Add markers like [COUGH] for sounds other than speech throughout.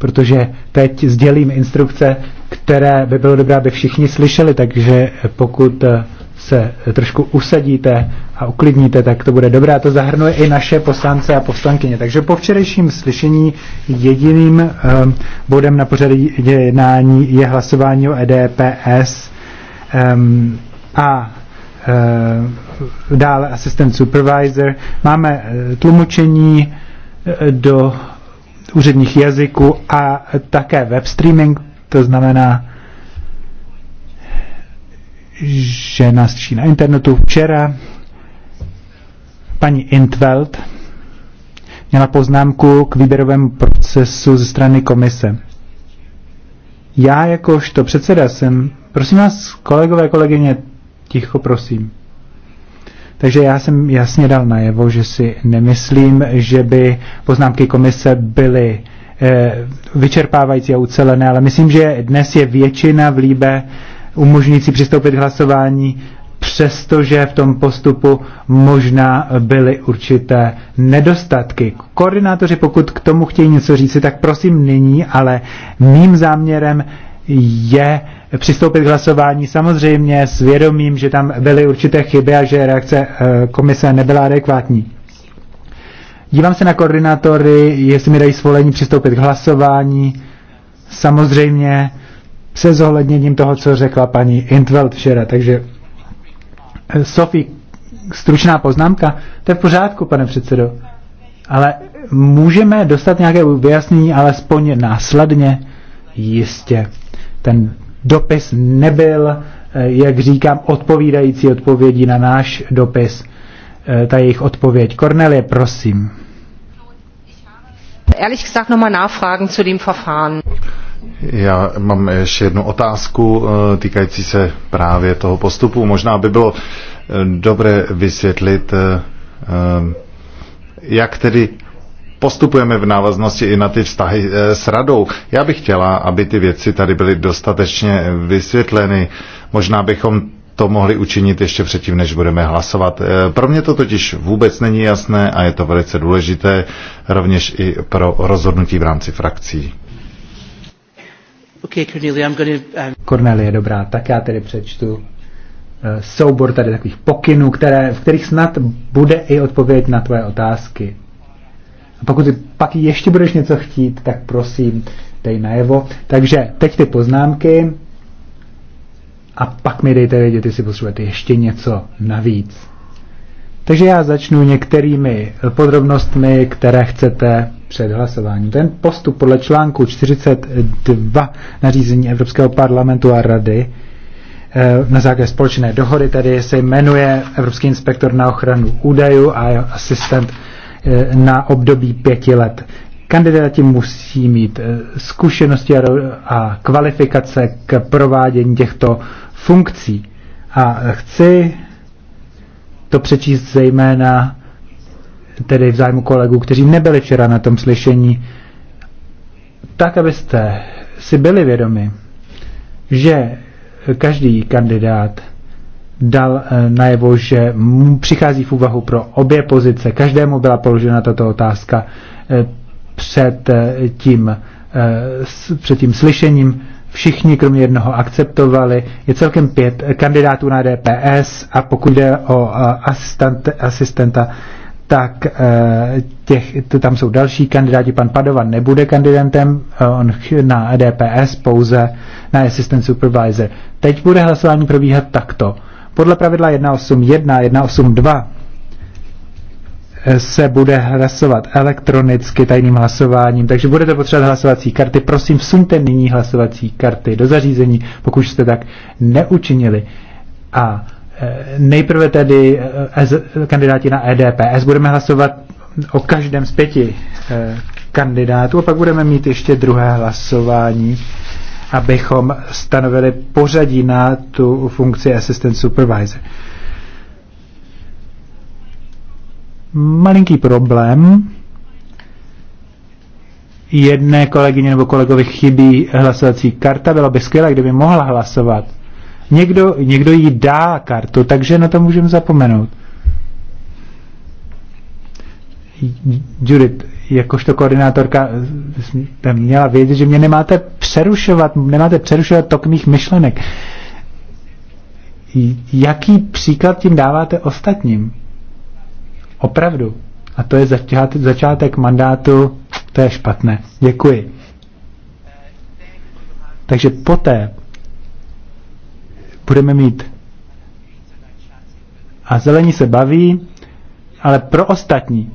protože teď sdělím instrukce, které by bylo dobré, aby všichni slyšeli, takže pokud eh, se trošku usadíte a uklidníte, tak to bude dobré. A to zahrnuje i naše poslance a poslankyně. Takže po včerejším slyšení jediným um, bodem na pořadí jednání je hlasování o EDPS um, ehm, a um, dále assistant supervisor. Máme tlumočení do úředních jazyků a také web streaming, to znamená, že nás čí na internetu. Včera paní Intveld měla poznámku k výběrovému procesu ze strany komise. Já jakožto předseda jsem, prosím vás, kolegové, kolegyně, ticho prosím. Takže já jsem jasně dal najevo, že si nemyslím, že by poznámky komise byly eh, vyčerpávající a ucelené, ale myslím, že dnes je většina v líbe umožňující přistoupit k hlasování, přestože v tom postupu možná byly určité nedostatky. Koordinátoři, pokud k tomu chtějí něco říci, tak prosím nyní, ale mým záměrem je přistoupit k hlasování samozřejmě s vědomím, že tam byly určité chyby a že reakce eh, komise nebyla adekvátní. Dívám se na koordinátory, jestli mi dají svolení přistoupit k hlasování. Samozřejmě se zohledněním toho, co řekla paní Intveld včera. Takže eh, Sofie, stručná poznámka. To je v pořádku, pane předsedo. Ale můžeme dostat nějaké vyjasnění alespoň následně? Jistě. Ten dopis nebyl, eh, jak říkám, odpovídající odpovědí na náš dopis. Eh, ta jejich odpověď. Kornelie, prosím. Ehrlich gesagt nochmal nachfragen zu dem Verfahren. Já mám ještě jednu otázku eh, týkající se právě toho postupu. Možná by bylo dobré vysvětlit, jak tedy postupujeme v návaznosti i na ty vztahy eh, s radou. Já bych chtěla, aby ty věci tady byly dostatečně vysvětleny. Možná bychom to mohli učinit ještě předtím, než budeme hlasovat. Eh, pro mě to totiž vůbec není jasné a je to velice důležité, rovněž i pro rozhodnutí v rámci frakcí. Okay, Cornelia, I'm gonna, um, Cornelia, dobrá, tak já tedy přečtu eh, soubor tady takových pokynů, které, v kterých snad bude i odpověď na tvoje otázky. A pokud pak ještě budeš něco chtít, tak prosím, dej najevo. Takže teď ty poznámky a pak mi dejte vědět, jestli potřebujete ještě něco navíc. Takže já začnu některými podrobnostmi, které chcete před hlasováním. Ten postup podle článku 42 nařízení Evropského parlamentu a rady eh, na základě společné dohody tedy se jmenuje Evropský inspektor na ochranu údajů a jeho asistent Eh, na období pěti let. Kandidáti musí mít eh, zkušenosti a kvalifikace k provádění těchto funkcí. A chci to přečíst zejména tedy v zájmu kolegů, kteří nebyli včera na tom slyšení, tak, abyste si byli vědomi, že každý kandidát dal eh, najevo, že přichází v úvahu pro obě pozice. Každému byla položena tato otázka eh, před eh, tím, před tím slyšením. Všichni, kromě jednoho, akceptovali. Je celkem pět kandidátů na DPS a pokud jde o asistent, asistenta, tak těch, tam jsou další kandidáti. Pan Padova nebude kandidentem on na DPS, pouze na Assistant Supervisor. Teď bude hlasování probíhat takto podle pravidla 181, 182 se bude hlasovat elektronicky tajným hlasováním, takže budete potřebovat hlasovací karty. Prosím, vsuňte nyní hlasovací karty do zařízení, pokud jste tak neučinili. A e, nejprve tedy e, kandidáti na EDPS. Budeme hlasovat o každém z pěti e, kandidátů a pak budeme mít ještě druhé hlasování abychom stanovili pořadí na tu funkci assistant supervisor. Malinký problém. Jedné kolegyně nebo kolegovi chybí hlasovací karta. Bylo by skvělé, kdyby mohla hlasovat. Někdo, někdo jí dá kartu, takže na to můžeme zapomenout. Judith, jakožto koordinátorka jste měla vědět, že mě nemáte přerušovat, nemáte přerušovat tok mých myšlenek. Jaký příklad tím dáváte ostatním? Opravdu. A to je začátek, mandátu, to je špatné. Děkuji. Takže poté budeme mít a zelení se baví, ale pro ostatní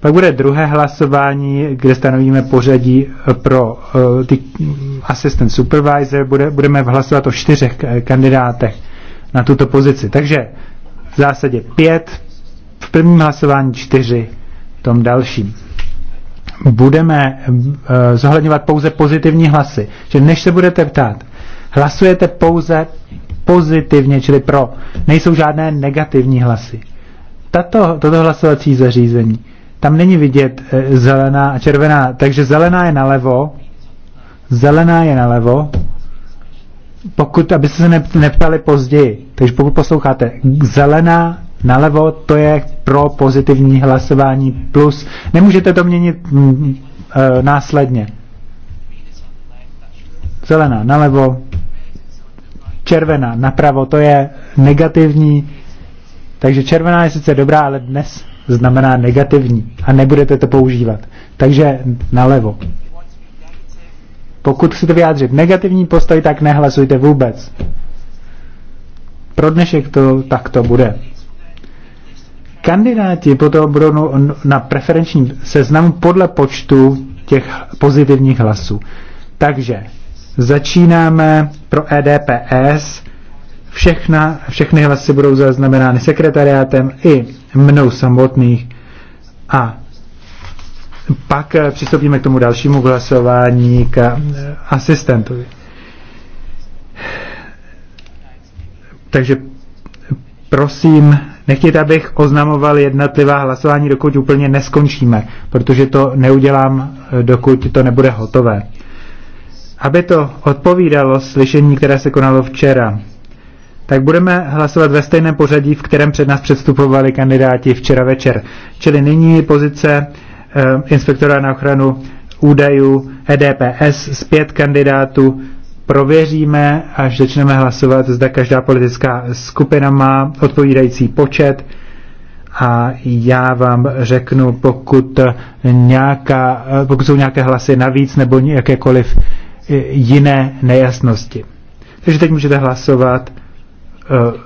pak bude druhé hlasování, kde stanovíme pořadí eh, pro uh, ty mm, assistant supervisor. Bude, budeme hlasovat o čtyřech eh, kandidátech na tuto pozici. Takže v zásadě pět, v prvním hlasování čtyři, v tom dalším. Budeme uh, zohledňovat pouze pozitivní hlasy. Že než se budete ptát, hlasujete pouze pozitivně, čili pro. Nejsou žádné negativní hlasy. Tato, toto hlasovací zařízení tam není vidět eh, zelená a červená, takže zelená je nalevo, zelená je nalevo, pokud, abyste se neptali později, takže pokud posloucháte, zelená nalevo, to je pro pozitivní hlasování plus. Nemůžete to měnit m, mm, m, mm, eh, následně. Zelená nalevo, červená napravo, to je negativní. Takže červená je sice dobrá, ale dnes znamená negativní a nebudete to používat. Takže nalevo. Pokud chcete vyjádřit negativní postoj, tak nehlasujte vůbec. Pro dnešek to takto bude. Kandidáti potom budou no- na preferenčním seznamu podle počtu těch pozitivních hlasů. Takže začínáme pro EDPS. Všechna, všechny hlasy budou zaznamenány sekretariátem i mnou samotných. A pak eh, přistoupíme k tomu dalšímu hlasování k eh, asistentovi. Takže prosím, nechtějte, abych oznamoval jednotlivá hlasování, dokud úplně neskončíme, protože to neudělám, eh, dokud to nebude hotové. Aby to odpovídalo slyšení, které se konalo včera, tak budeme hlasovat ve stejném pořadí, v kterém před nás předstupovali kandidáti včera večer. Čili nyní pozice e, inspektora na ochranu údajů EDPS z pět kandidátů prověříme, až začneme hlasovat, zda každá politická skupina má odpovídající počet a já vám řeknu, pokud, nějaká, eh, pokud jsou nějaké hlasy navíc nebo jakékoliv eh, jiné nejasnosti. Takže teď můžete hlasovat Eh,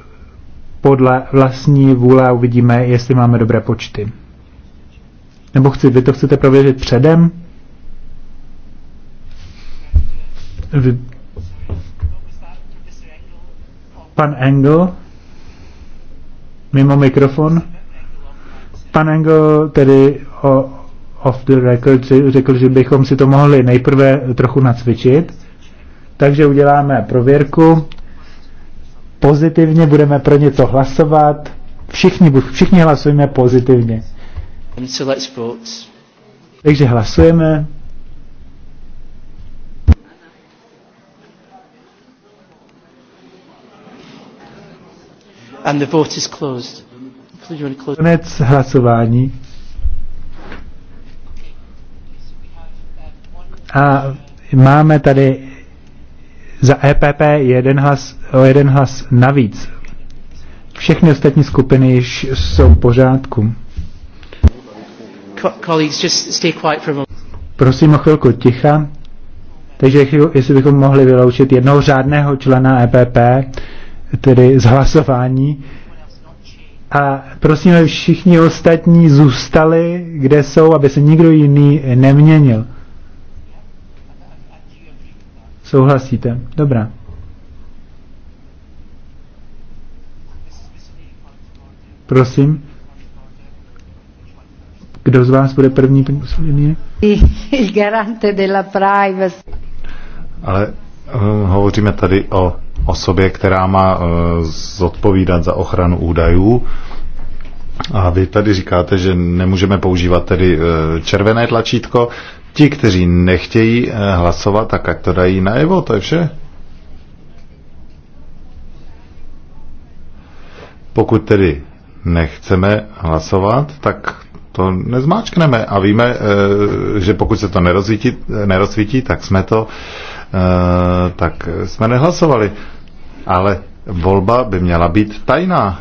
podle vlastní vůle a uvidíme, jestli máme dobré počty. Nebo chci, vy to chcete prověřit předem? Vy... Pan Engel? Mimo mikrofon? Pan Engel tedy o, off the record řekl, že bychom si to mohli nejprve trochu nacvičit. Takže uděláme prověrku pozitivně, budeme pro něco hlasovat. Všichni, všichni hlasujeme pozitivně. So let's vote. Takže hlasujeme. And the vote is closed. Konec hlasování. A máme tady za EPP jeden hlas, o jeden hlas navíc. Všechny ostatní skupiny již jsou v pořádku. Prosím o chvilku ticha. Takže jestli bychom mohli vyloučit jednoho řádného člena EPP, tedy z hlasování. A prosím, aby všichni ostatní zůstali, kde jsou, aby se nikdo jiný neměnil. Souhlasíte? Dobrá. Prosím. Kdo z vás bude první, poslední? Il [LAUGHS] garante della privacy. Ale eh, hovoříme tady o osobě, která má eh, zodpovídat za ochranu údajů. A vy tady říkáte, že nemůžeme používat tedy eh, červené tlačítko. Ti, kteří nechtějí eh, hlasovat, tak ať to dají najevo, to je vše. Pokud tedy nechceme hlasovat, tak to nezmáčkneme a víme, eh, že pokud se to nerozsvítí, eh, nerozsvítí tak jsme to, tak jsme nehlasovali. Ale volba by měla být tajná.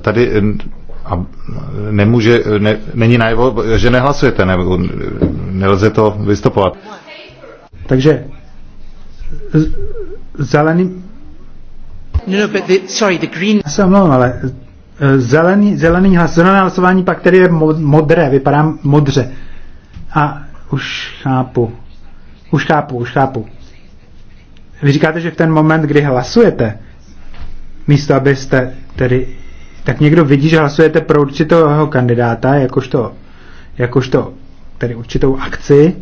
Tady a nemůže, ne, není najevo, že nehlasujete, ne, nelze to vystupovat. Takže zelený... No, no, but the, sorry, the green... Já se omlouvám, ale e, zelený, zelený hlas, zelené hlasování pak tedy je modré, vypadá modře. A už chápu, už chápu, už chápu. Vy říkáte, že v ten moment, kdy hlasujete, místo abyste tedy tak někdo vidí, že hlasujete pro určitého kandidáta, jakožto, jakožto tedy určitou akci,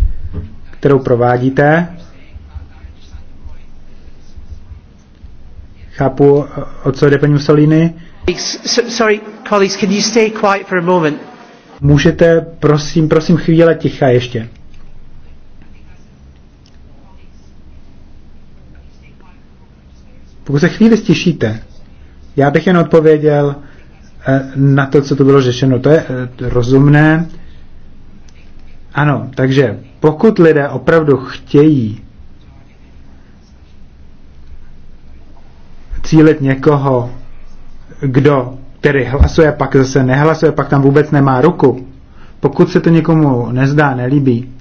kterou provádíte. Chápu, o co jde paní Mussolini. Sorry, colleagues, can you stay quiet for a moment? Můžete, prosím, prosím, chvíle ticha ještě. Pokud se chvíli stišíte, já bych jen odpověděl, Eh, na to, co to bylo řešeno. To je eh, rozumné. Ano, takže pokud lidé opravdu chtějí cílit někoho, kdo který hlasuje, pak zase nehlasuje, pak tam vůbec nemá ruku, pokud se to někomu nezdá, nelíbí,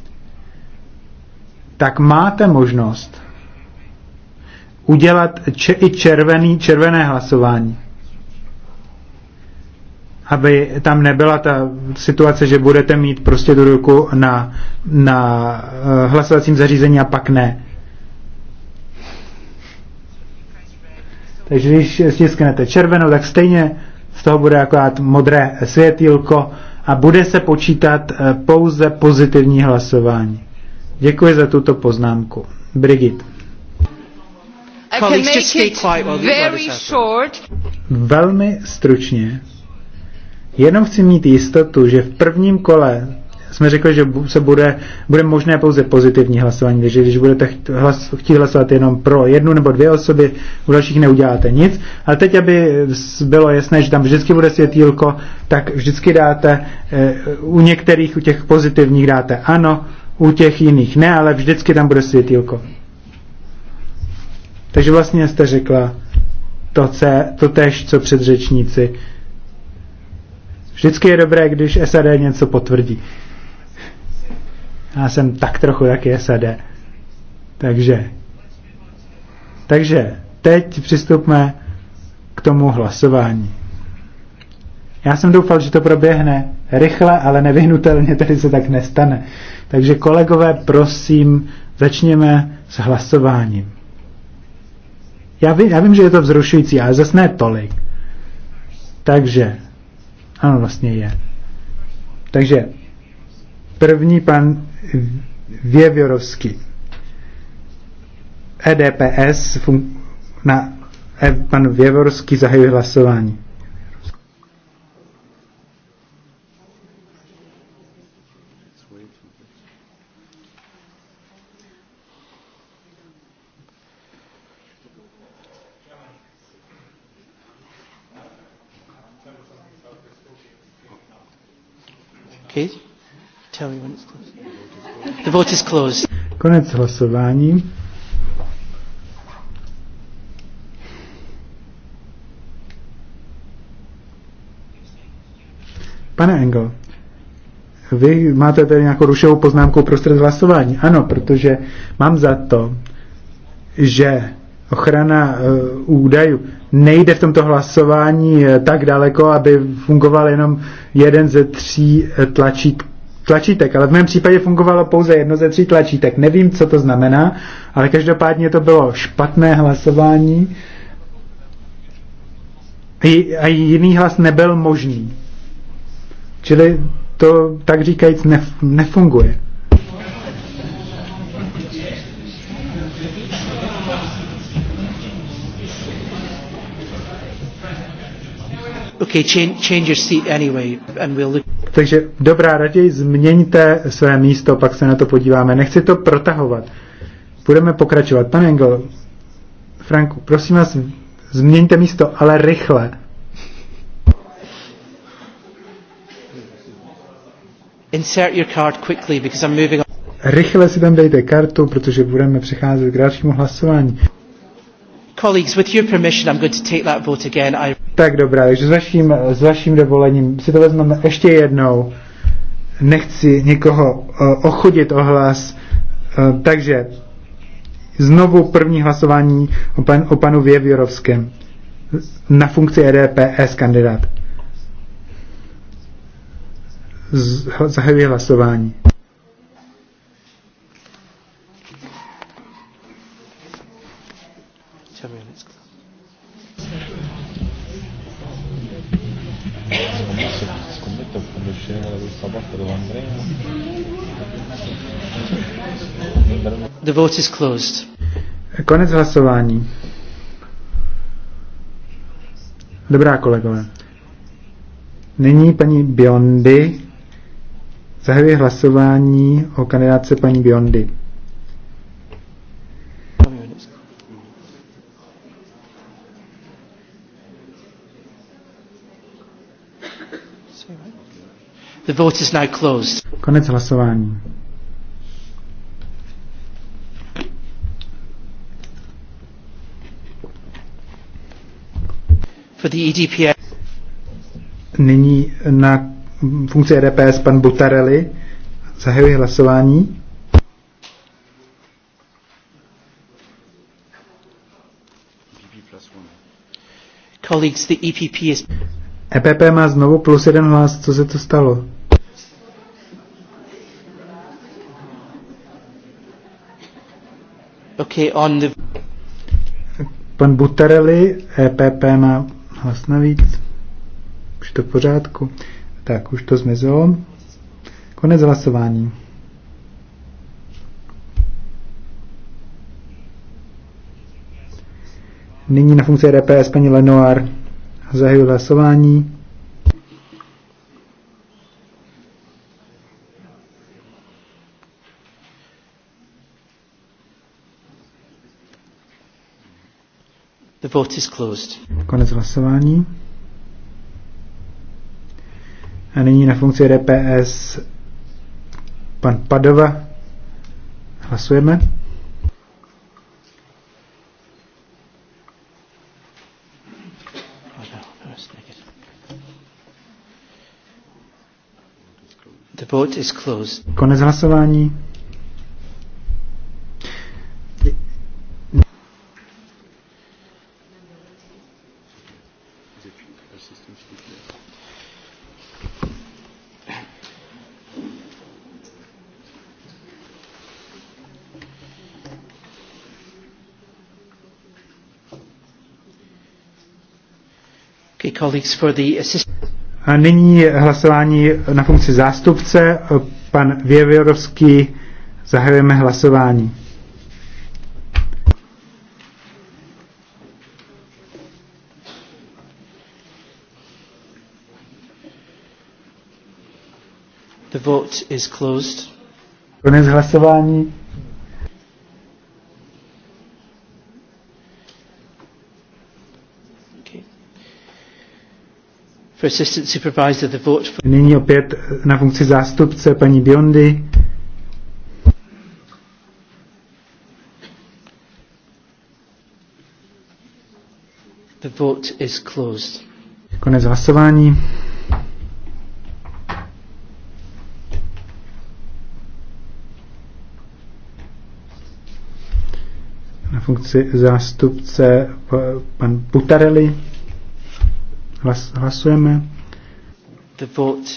tak máte možnost udělat če- i červený, červené hlasování aby tam nebyla ta situace, že budete mít prostě tu ruku na, na eh, hlasovacím zařízení a pak ne. Takže když stisknete červenou, tak stejně z toho bude akorát modré světýlko a bude se počítat eh, pouze pozitivní hlasování. Děkuji za tuto poznámku. Brigit. Velmi stručně Jenom chci mít jistotu, že v prvním kole jsme řekli, že se bude, bude možné pouze pozitivní hlasování, takže když budete chtít hlasovat jenom pro jednu nebo dvě osoby, u dalších neuděláte nic. Ale teď, aby bylo jasné, že tam vždycky bude světýlko, tak vždycky dáte, eh, u některých, u těch pozitivních dáte ano, u těch jiných ne, ale vždycky tam bude světýlko. Takže vlastně jste řekla to, to tež, co předřečníci Vždycky je dobré, když SAD něco potvrdí. Já jsem tak trochu taky SAD. Takže, takže teď přistupme k tomu hlasování. Já jsem doufal, že to proběhne rychle, ale nevyhnutelně tady se tak nestane. Takže kolegové, prosím, začněme s hlasováním. Já vím, já vím že je to vzrušující, ale zase ne tolik. Takže ano, vlastně je. Takže první pan Věvěrovský. EDPS na e- pan Věvorský zahajuje hlasování. please? Tell me when it's closed. The vote is closed. Konec hlasování. Pane Engel, vy máte tady nějakou rušovou poznámku prostřed hlasování. Ano, protože mám za to, že ochrana eh, údajů. Nejde v tomto hlasování eh, tak daleko, aby fungoval jenom jeden ze tří eh, tlačít, tlačítek, ale v mém případě fungovalo pouze jedno ze tří tlačítek. Nevím, co to znamená, ale každopádně to bylo špatné hlasování a jiný hlas nebyl možný. Čili to, tak říkajíc, nef- nefunguje. Okay, change, change your seat anyway and we'll look. Takže dobrá, raději změňte své místo, pak se na to podíváme. Nechci to protahovat. Budeme pokračovat. Pan Engel, Franku, prosím vás, změňte místo, ale rychle. Insert your card quickly because I'm moving on. Rychle si tam dejte kartu, protože budeme přecházet k dalšímu hlasování. Colleagues, with your permission, I'm going to take that vote again. I... Tak dobrá, takže s vaším, s vaším dovolením si to vezmeme ještě jednou. Nechci nikoho uh, ochudit o hlas, uh, takže znovu první hlasování o, pan, o panu Věvjorovském na funkci EDPS kandidát. Zahajuji hlasování. The vote is closed. Konec hlasování. Dobrá kolegové. Nyní paní Biondy zahajuje hlasování o kandidáce paní Biondy. The vote is now closed. Konec hlasování. For the EDPS. Nyní na funkci EDPS pan Butarelli. Zahajuji hlasování. Colleagues, the EPP is... EPP má znovu plus jeden hlas. Co se to stalo? Okay, on the... Pan Butarelli, EPP má hlas navíc. Už to v pořádku. Tak, už to zmizelo. Konec hlasování. Nyní na funkci DPS paní Lenoir zahajuje hlasování. vote is closed. Konec hlasování. A nyní na funkci DPS pan Padova. Hlasujeme. The vote is closed. Konec hlasování. A nyní hlasování na funkci zástupce. Pan Věvěrovský, zahajujeme hlasování. The vote is closed. Konec hlasování. for for assistant supervisor the vote Nyní opět na funkci zástupce paní Biondy. The vote is closed. Konec hlasování. Na funkci zástupce pan Putarelli. Hlas, hlasujeme. The vote.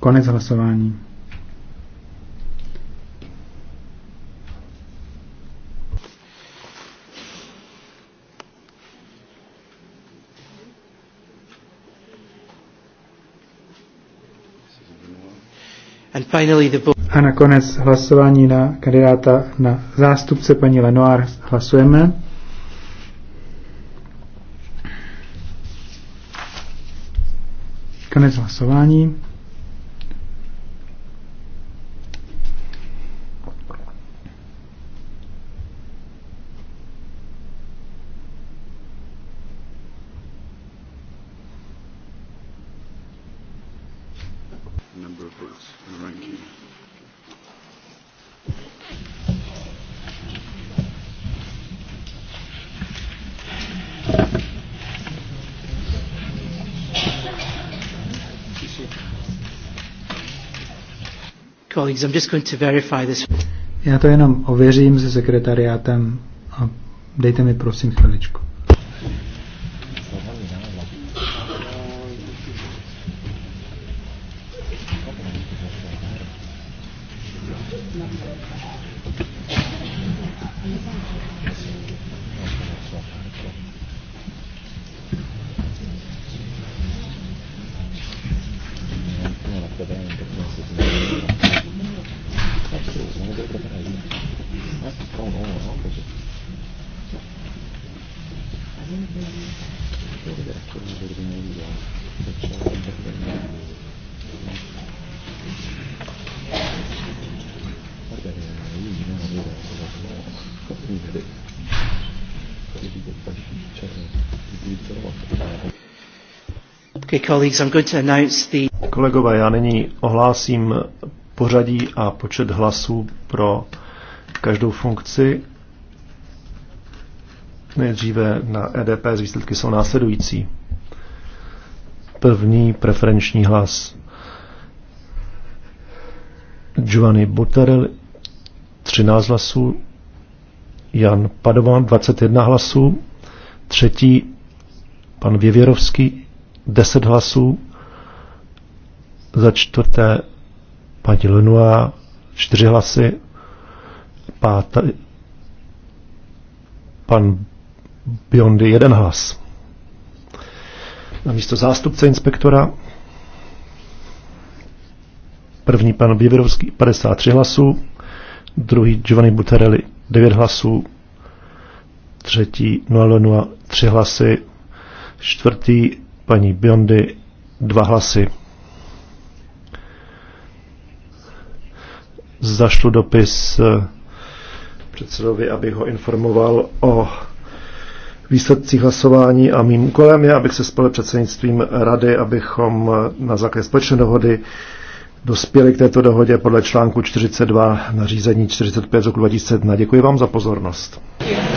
Konec hlasování. A nakonec hlasování na kandidáta na zástupce paní Lenoir hlasujeme. Konec hlasování. colleagues, I'm just going to verify this. Já to jenom ověřím se sekretariátem a dejte mi prosím chviličku. Kolegové, já nyní ohlásím pořadí a počet hlasů pro každou funkci. Nejdříve na EDP z výsledky jsou následující. První preferenční hlas Giovanni Buttarel 13 hlasů, Jan Padovan 21 hlasů, třetí pan Věvěrovský 10 hlasů, za čtvrté paní Lenua 4 hlasy, pátá, pan Biondy 1 hlas. Na místo zástupce inspektora první pan Běvirovský 53 hlasů, druhý Giovanni Buterelli 9 hlasů, třetí Noel Lenua 3 hlasy, čtvrtý paní Biondy dva hlasy. Zašlu dopis eh, předsedovi, abych ho informoval o výsledcích hlasování a mým úkolem je, abych se spolu předsednictvím rady, abychom eh, na základě společné dohody dospěli k této dohodě podle článku 42 nařízení 45 z roku 2001. Děkuji vám za pozornost. Děkuji.